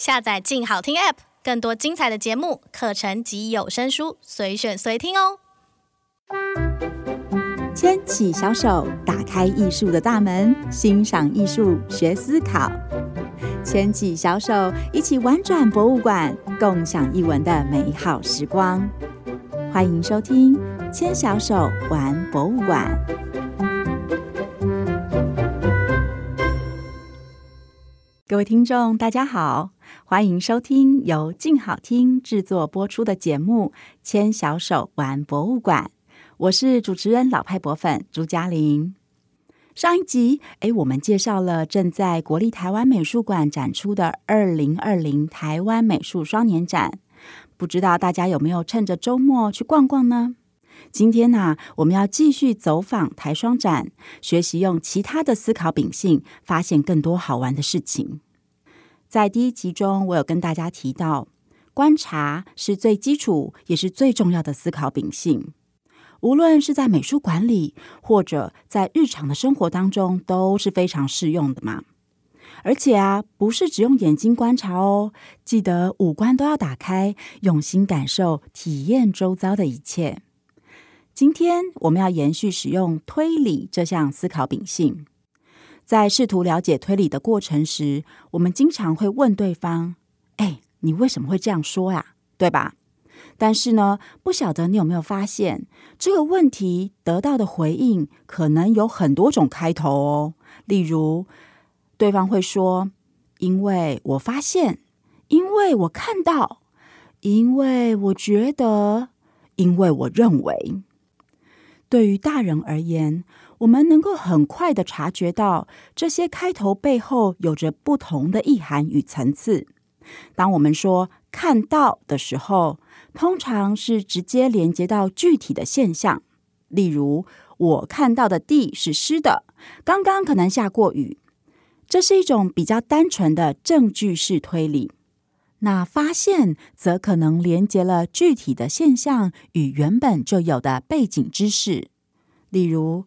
下載“靜好聽 ”App，更多精彩的節目、課程及有聲書，隨選隨聽哦。牽起小手，打開藝術的大門，欣賞藝術，學思考。牽起小手，一起玩轉博物館，共享藝文的美好時光。歡迎收聽《牽小手玩博物館》。各位聽眾，大家好。歡迎收聽由靜好聽製作播出的節目《牽小手玩博物館》，我是主持人老派博粉朱家琳。上一集，誒，我們介紹了正在國立台灣美術館展出的二零二零台灣美術雙年展，不知道大家有沒有趁着周末去逛逛呢？今天呢、啊，我們要繼續走訪台雙展，學習用其他的思考秉性，發現更多好玩的事情。在第一集中，我有跟大家提到，觀察是最基礎也是最重要的思考秉性，無論是在美術館裡或者在日常的生活當中都是非常適用的嘛。而且啊，不是只用眼睛觀察哦，記得五官都要打開，用心感受、體驗周遭的一切。今天我們要延續使用推理這項思考秉性。在試圖了解推理的過程時，我們經常會問對方：“哎，你為什麼會這樣說呀？對吧？”但是呢，不曉得你有沒有發現，這個問題得到的回應可能有很多種開頭哦。例如，對方會說：“因為我發現，因為我看到，因為我覺得，因為我認為。”對於大人而言，我們能夠很快地察覺到這些開頭背後有着不同的意涵與層次。當我們說“看到”的時候，通常是直接連接到具體的現象，例如我看到的地是濕的，剛剛可能下過雨。這是一種比較單純的證據式推理。那發現則可能連接了具體的現象與原本就有的背景知識，例如，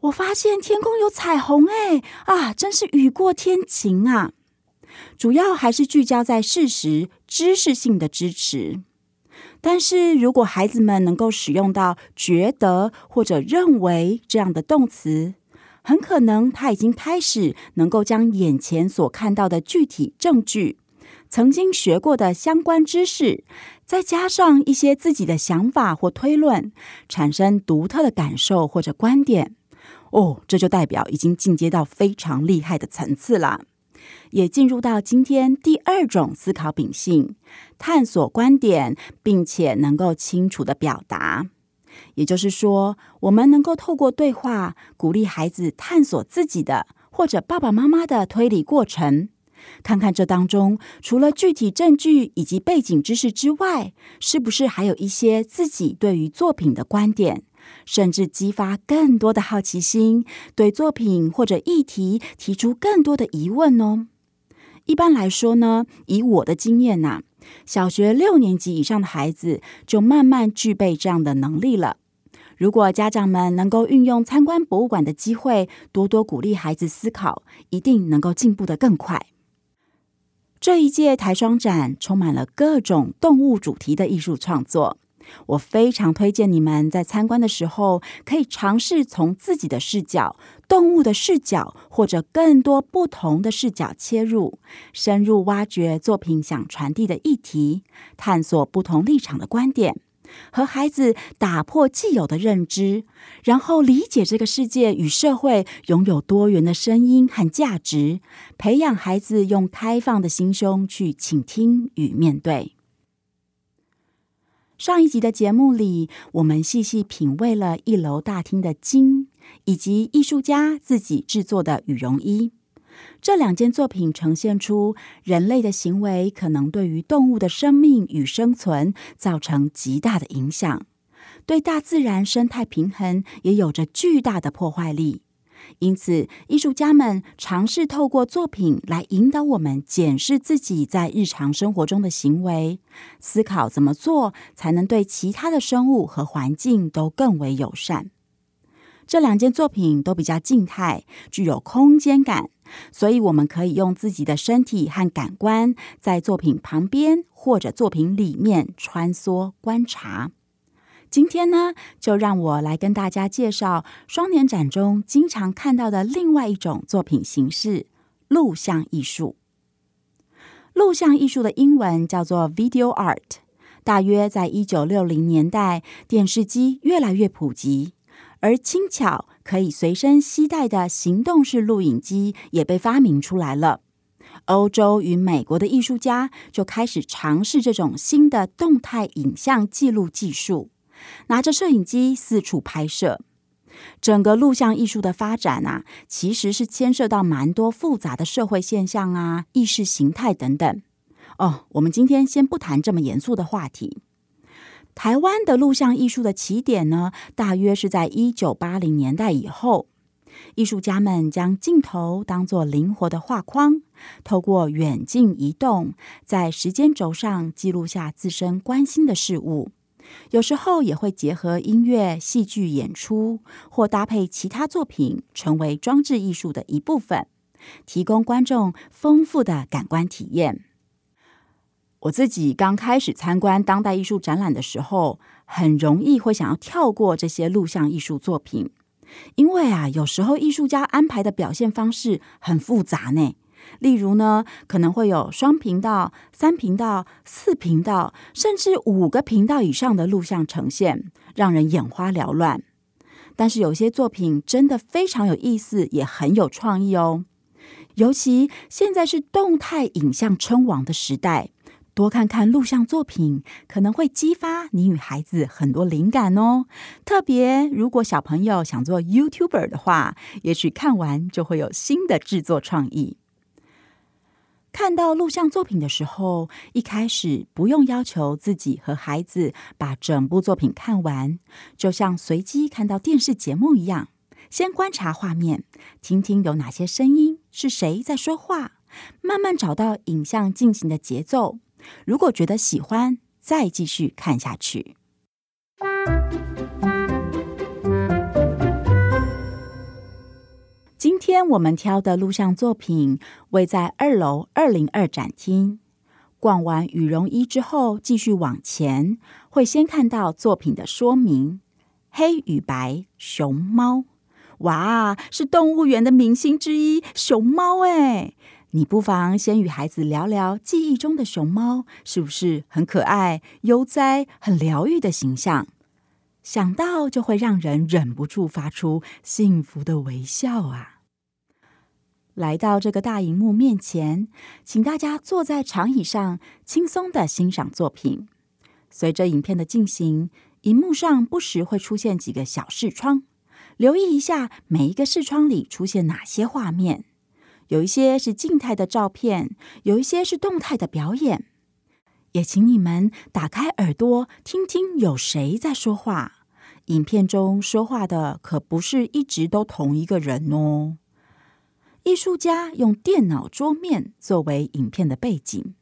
我發現天空有彩虹，哎啊，真是雨過天晴啊。主要還是聚焦在事實、知識性的支持。但是如果孩子們能夠使用到“覺得”或者“認為”這樣的動詞，很可能他已經開始能夠將眼前所看到的具體證據、曾經學過的相關知識，再加上一些自己的想法或推論，產生獨特的感受或者觀點。哦，這就代表已經進階到非常厲害的層次了，也進入到今天第二種思考秉性，探索觀點，並且能夠清楚地表達。也就是說，我們能夠透過對話，鼓勵孩子探索自己的或者爸爸媽媽的推理過程，看看這當中除了具體證據以及背景知識之外，是不是還有一些自己對於作品的觀點？甚至激發更多的好奇心，對作品或者議題提出更多的疑問哦。一般來說呢，以我的經驗吶，小學六年級以上的孩子就慢慢具備這樣的能力了。如果家長們能夠運用參觀博物館的機會，多多鼓勵孩子思考，一定能夠進步得更快。這一屆台雙展充滿了各種動物主題的藝術創作。我非常推薦你們在參觀的時候，可以嘗試從自己的視角、動物的視角，或者更多不同的視角切入，深入挖掘作品想傳遞的議題，探索不同立場的觀點，和孩子打破既有的認知，然後理解這個世界與社會擁有多元的聲音和價值，培養孩子用開放的心胸去傾聽與面對。上一集的節目裡，我們細細品味了一樓大廳的鯨，以及藝術家自己制作的羽絨衣。這兩件作品呈現出人類的行為可能對於動物的生命與生存造成極大的影響，對大自然生態平衡也有着巨大的破壞力。因此，藝術家們嘗試透過作品來引導我們檢視自己在日常生活中的行為，思考怎麼做才能對其他的生物和環境都更為友善。這兩件作品都比較靜態，具有空間感，所以我們可以用自己的身體和感官在作品旁邊或者作品裡面穿梭觀察。今天呢，就讓我來跟大家介紹雙年展中經常看到的另外一種作品形式——錄像藝術。錄像藝術的英文叫做 Video Art。大約在一九六零年代，電視機越來越普及，而輕巧可以隨身攜帶的行動式錄影機也被發明出來了。歐洲與美國的藝術家就開始嘗試這種新的動態影像記錄技術。拿着攝影機四處拍攝，整個錄像藝術的發展啊，其實是牽涉到蠻多複雜的社會現象啊、意識形態等等。哦，我們今天先不談這麼嚴肅的話題。台灣的錄像藝術的起點呢，大約是在一九八零年代以後，藝術家們將鏡頭當作靈活的畫框，透過遠近移動，在時間軸上記錄下自身關心的事物。有時候也會結合音樂、戲劇演出，或搭配其他作品，成為裝置藝術的一部分，提供觀眾豐富的感官體驗。我自己剛開始參觀當代藝術展覽的時候，很容易會想要跳過這些錄像藝術作品，因為啊，有時候藝術家安排的表現方式很複雜呢。例如呢，可能會有雙頻道、三頻道、四頻道，甚至五個頻道以上的錄像呈現，讓人眼花繚亂。但是有些作品真的非常有意思，也很有創意哦。尤其現在是動態影像稱王的時代，多看看錄像作品，可能會激發你與孩子很多靈感哦。特別如果小朋友想做 YouTuber 的話，也許看完就會有新的製作創意。看到錄像作品的時候，一開始不用要求自己和孩子把整部作品看完，就像隨機看到電視節目一樣，先觀察畫面，聽聽有哪些聲音，是誰在說話，慢慢找到影像進行的節奏。如果覺得喜歡，再繼續看下去。今天我們挑的錄像作品，位在二樓二零二展廳。逛完羽絨衣之後，繼續往前，會先看到作品的說明。黑與白熊貓，哇，是動物園的明星之一，熊貓哎！你不妨先與孩子聊聊記憶中的熊貓，是不是很可愛、悠哉、很療癒的形象？想到就會讓人忍不住發出幸福的微笑啊！來到這個大熒幕面前，請大家坐在長椅上，輕鬆的欣賞作品。隨着影片的進行，熒幕上不時會出現幾個小視窗，留意一下每一個視窗裡出現哪些畫面。有一些是靜態的照片，有一些是動態的表演。也請你們打開耳朵，聽聽有誰在說話。影片中說話的可不是一直都同一個人哦。藝術家用電腦桌面作為影片的背景，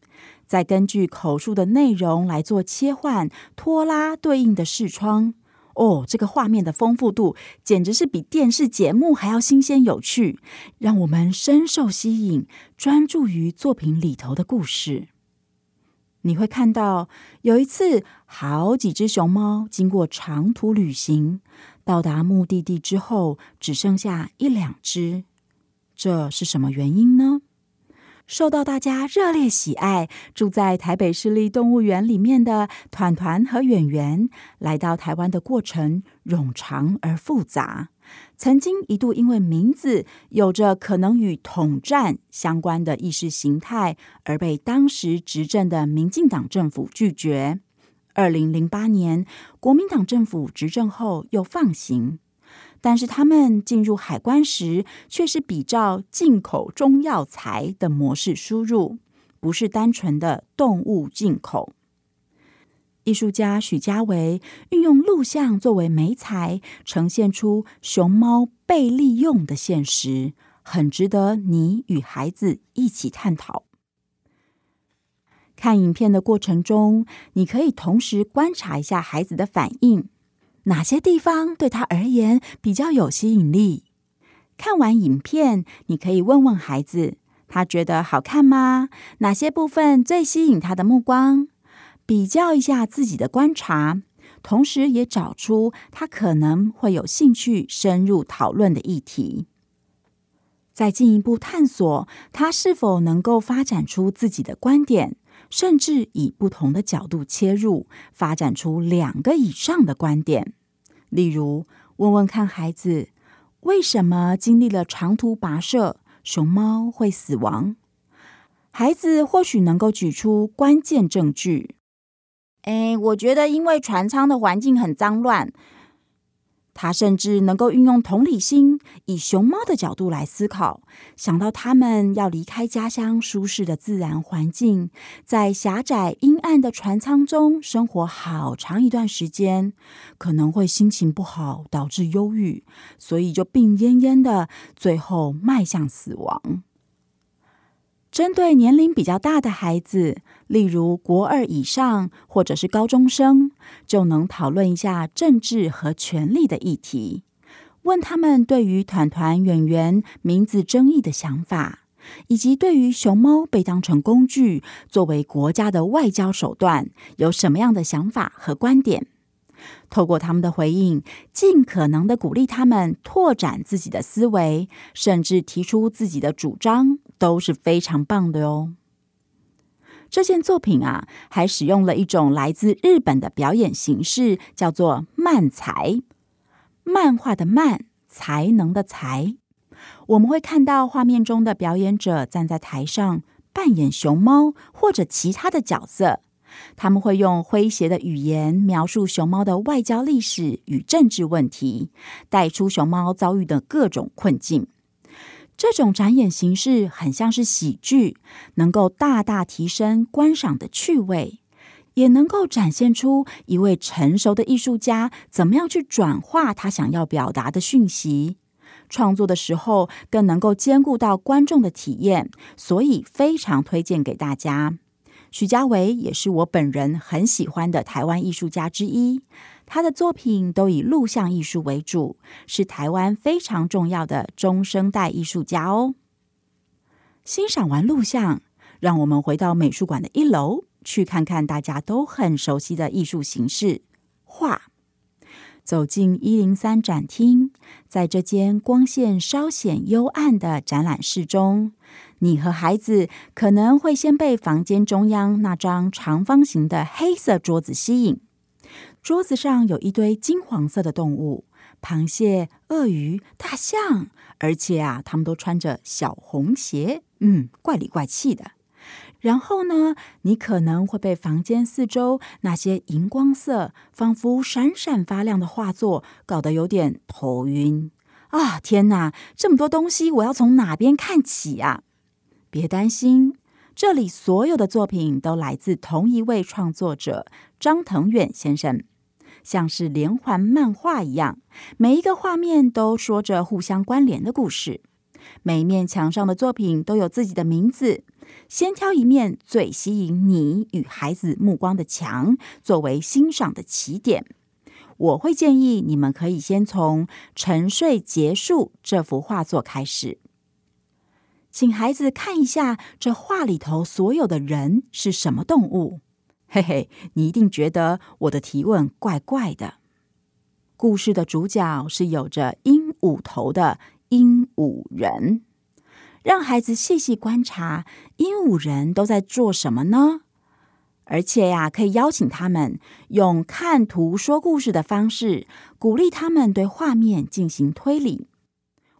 再根據口述的內容來做切換、拖拉對應的視窗。哦，這個畫面的豐富度簡直是比電視節目還要新鮮有趣，讓我們深受吸引，專注於作品裡頭的故事。你會看到，有一次好幾隻熊貓經過長途旅行，到達目的地之後，只剩下一兩隻。這是什麼原因呢？受到大家熱烈喜愛，住在台北市立動物園裡面的團團和圓圓，來到台灣的過程冗長而複雜。曾經一度因為名字有着可能與統戰相關的意識形態，而被當時執政的民進黨政府拒絕。2008年國民黨政府執政後又放行，但是他們進入海關時卻是比照進口中藥材的模式輸入，不是單純的動物進口。藝術家許家維運用錄像作為媒材，呈現出熊貓被利用的現實，很值得你與孩子一起探討。看影片的過程中，你可以同時觀察一下孩子的反應，哪些地方對他而言比較有吸引力。看完影片，你可以問問孩子，他覺得好看嗎？哪些部分最吸引他的目光？比較一下自己的觀察，同時也找出他可能會有興趣深入討論的議題，再進一步探索他是否能夠發展出自己的觀點，甚至以不同的角度切入，發展出兩個以上的觀點。例如，問問看孩子：為什麼經歷了長途跋涉，熊貓會死亡？孩子或許能夠舉出關鍵證據。哎，我覺得，因為船艙的環境很髒亂，他甚至能夠運用同理心，以熊貓的角度來思考，想到他們要離開家鄉舒適的自然環境，在狹窄陰暗的船艙中生活好長一段時間，可能會心情不好，導致憂鬱，所以就病懨懨的，最後邁向死亡。針對年齡比較大的孩子，例如國二以上或者是高中生，就能討論一下政治和權力的議題，問他們對於團團圓圓名字爭議的想法，以及對於熊貓被當成工具作為國家的外交手段有什麼樣的想法和觀點。透過他們的回應，儘可能的鼓勵他們拓展自己的思維，甚至提出自己的主張。都是非常棒的哦。這件作品啊，還使用了一種來自日本的表演形式，叫做漫才。漫畫的漫，才能的才。我們會看到畫面中的表演者站在台上，扮演熊貓或者其他的角色。他們會用詼諧的語言描述熊貓的外交歷史與政治問題，帶出熊貓遭遇的各種困境。這種展演形式很像是喜劇，能夠大大提升觀賞的趣味，也能夠展現出一位成熟的藝術家怎麼樣去轉化他想要表達的訊息。創作的時候更能夠兼顧到觀眾的體驗，所以非常推薦給大家。許家維也是我本人很喜歡的台灣藝術家之一。他的作品都以錄像藝術為主，是台灣非常重要的中生代藝術家哦。欣賞完錄像，讓我們回到美術館的一樓，去看看大家都很熟悉的藝術形式——畫。走進一零三展廳，在這間光線稍顯幽暗的展覽室中，你和孩子可能會先被房間中央那張長方形的黑色桌子吸引。桌子上有一堆金黃色的動物，螃蟹、鱷魚、大象，而且啊，他們都穿着小紅鞋，嗯，怪裡怪氣的。然後呢，你可能會被房間四周那些熒光色、仿佛閃閃發亮的畫作搞得有點頭暈啊，哦！天哪，這麼多東西，我要從哪邊看起呀，啊？別擔心。這裡所有的作品都來自同一位創作者張騰遠先生，像是連環漫畫一樣，每一個畫面都說着互相關聯的故事。每一面牆上的作品都有自己的名字。先挑一面最吸引你與孩子目光的牆作為欣賞的起點。我會建議你們可以先從《沉睡結束》這幅畫作開始。請孩子看一下這畫裡頭所有的人是什麼動物，嘿嘿，你一定覺得我的提問怪怪的。故事的主角是有着鸚鵡頭的鸚鵡人，讓孩子細細觀察鸚鵡人都在做什麼呢？而且呀、啊，可以邀請他們用看圖說故事的方式，鼓勵他們對畫面進行推理。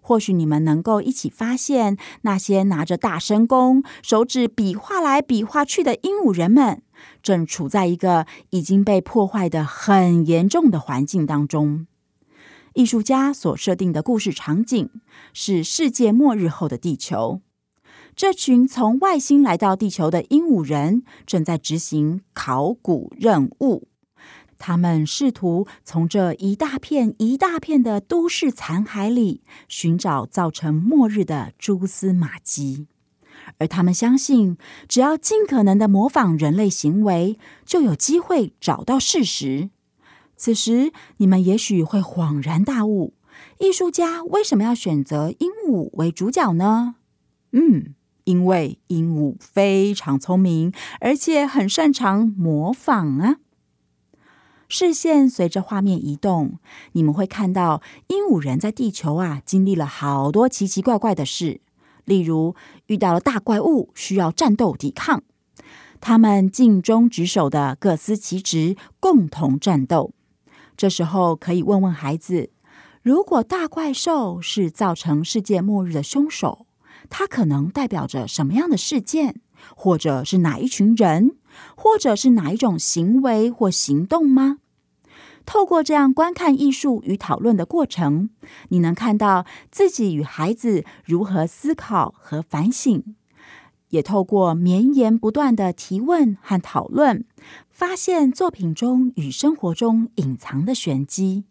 或許你們能夠一起發現，那些拿着大聲公、手指比劃來比劃去的鸚鵡人們，正處在一個已經被破壞的很嚴重的環境當中。藝術家所設定的故事場景是世界末日後的地球。這群從外星來到地球的鸚鵡人，正在執行考古任務。他們試圖從這一大片一大片的都市殘骸裡尋找造成末日的蛛絲馬跡，而他們相信，只要盡可能的模仿人類行為，就有機會找到事實。此時，你們也許會恍然大悟：藝術家為什麼要選擇鸚鵡為主角呢？嗯，因為鸚鵡非常聰明，而且很擅長模仿啊。視線隨着畫面移動，你們會看到鸚鵡人在地球啊經歷了好多奇奇怪怪的事，例如遇到了大怪物，需要戰鬥抵抗，他們盡忠職守的各司其職，共同戰鬥。這時候可以問問孩子：如果大怪獸是造成世界末日的凶手，它可能代表着什麼樣的事件，或者是哪一群人，或者是哪一種行為或行動嗎？透過這樣觀看藝術與討論的過程，你能看到自己與孩子如何思考和反省，也透過綿延不斷的提問和討論，發現作品中與生活中隱藏的玄機。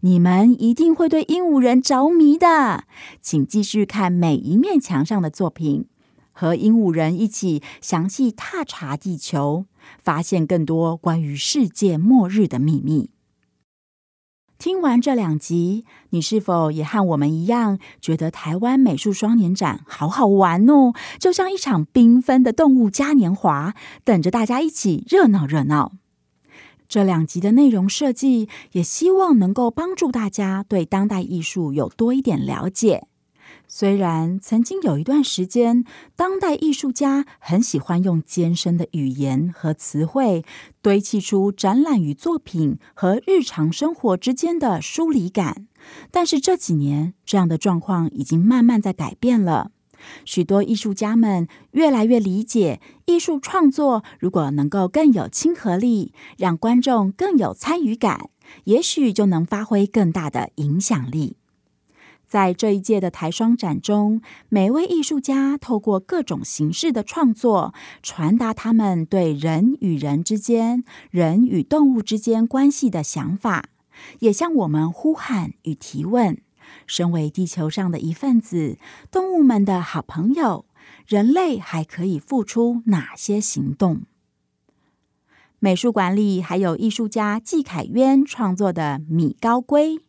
你們一定會對鸚鵡人着迷的，請繼續看每一面牆上的作品，和鸚鵡人一起詳細踏查地球，發現更多關於世界末日的祕密。聽完這兩集，你是否也和我們一樣，覺得台灣美術雙年展好好玩哦？就像一場繽紛的動物嘉年華，等着大家一起熱鬧熱鬧。這兩集的內容設計，也希望能夠幫助大家對當代藝術有多一點了解。雖然曾經有一段時間，當代藝術家很喜歡用艱深的語言和詞彙堆砌出展覽與作品和日常生活之間的疏離感，但是這幾年這樣的狀況已經慢慢在改變了。許多藝術家們越來越理解，藝術創作如果能夠更有親和力，讓觀眾更有參與感，也許就能發揮更大的影響力。在這一屆的台雙展中，每位藝術家透過各種形式的創作，傳達他們對人與人之間、人與動物之間關係的想法，也向我們呼喊與提問。身為地球上的一份子，動物們的好朋友，人類還可以付出哪些行動？美術館裡還有藝術家季凱淵創作的米高龜。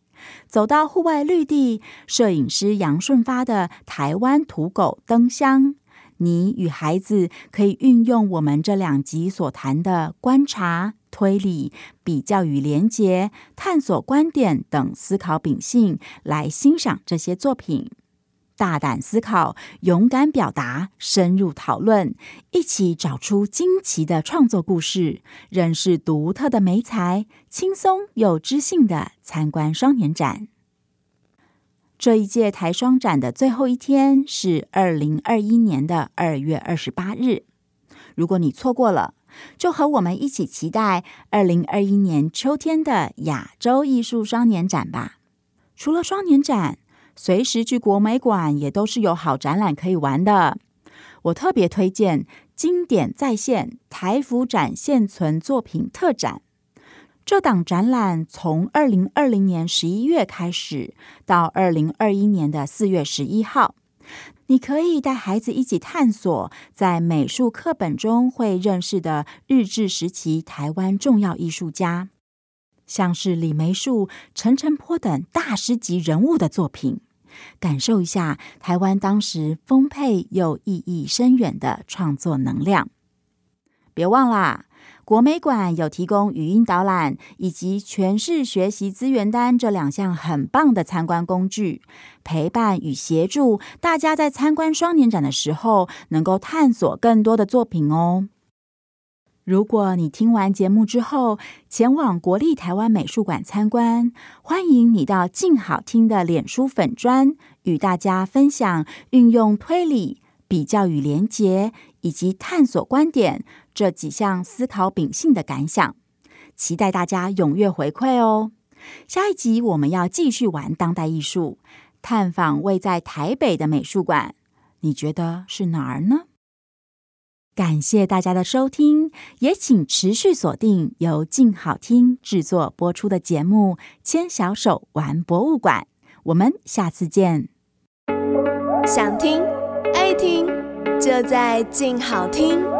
走到戶外綠地，攝影師楊順發的台灣土狗燈箱，你與孩子可以運用我們這兩集所談的觀察、推理、比較與連結、探索觀點等思考秉性來欣賞這些作品。大膽思考，勇敢表達，深入討論，一起找出驚奇的創作故事，認識獨特的媒材，輕鬆又知性的參觀雙年展。這一屆台雙展的最後一天是二零二一年的二月二十八日。如果你錯過了，就和我們一起期待二零二一年秋天的亞洲藝術雙年展吧。除了雙年展。隨時去國美館也都是有好展覽可以玩的。我特別推薦《經典再現：台府展現存作品特展》。這檔展覽從二零二零年十一月開始，到二零二一年的四月十一號。你可以帶孩子一起探索在美術課本中會認識的日治時期臺灣重要藝術家，像是李梅樹、陳澄波等大師級人物的作品。感受一下台灣當時豐沛又意義深遠的創作能量，別忘啦，國美館有提供語音導覽以及全市學習資源單這兩項很棒的參觀工具，陪伴與協助大家在參觀雙年展的時候，能夠探索更多的作品哦。如果你聽完節目之後，前往國立台灣美術館參觀，歡迎你到靜好聽的臉書粉專，與大家分享運用推理、比較、與連結，以及探索觀點這幾項思考秉性的感想。期待大家踴躍回饋哦！下一集我們要繼續玩當代藝術，探訪位在台北的美術館，你覺得是哪兒呢？感謝大家的收聽，也請持續鎖定由靜好聽制作播出的節目《牽小手玩博物館》，我們下次見。想聽，愛聽，就在靜好聽。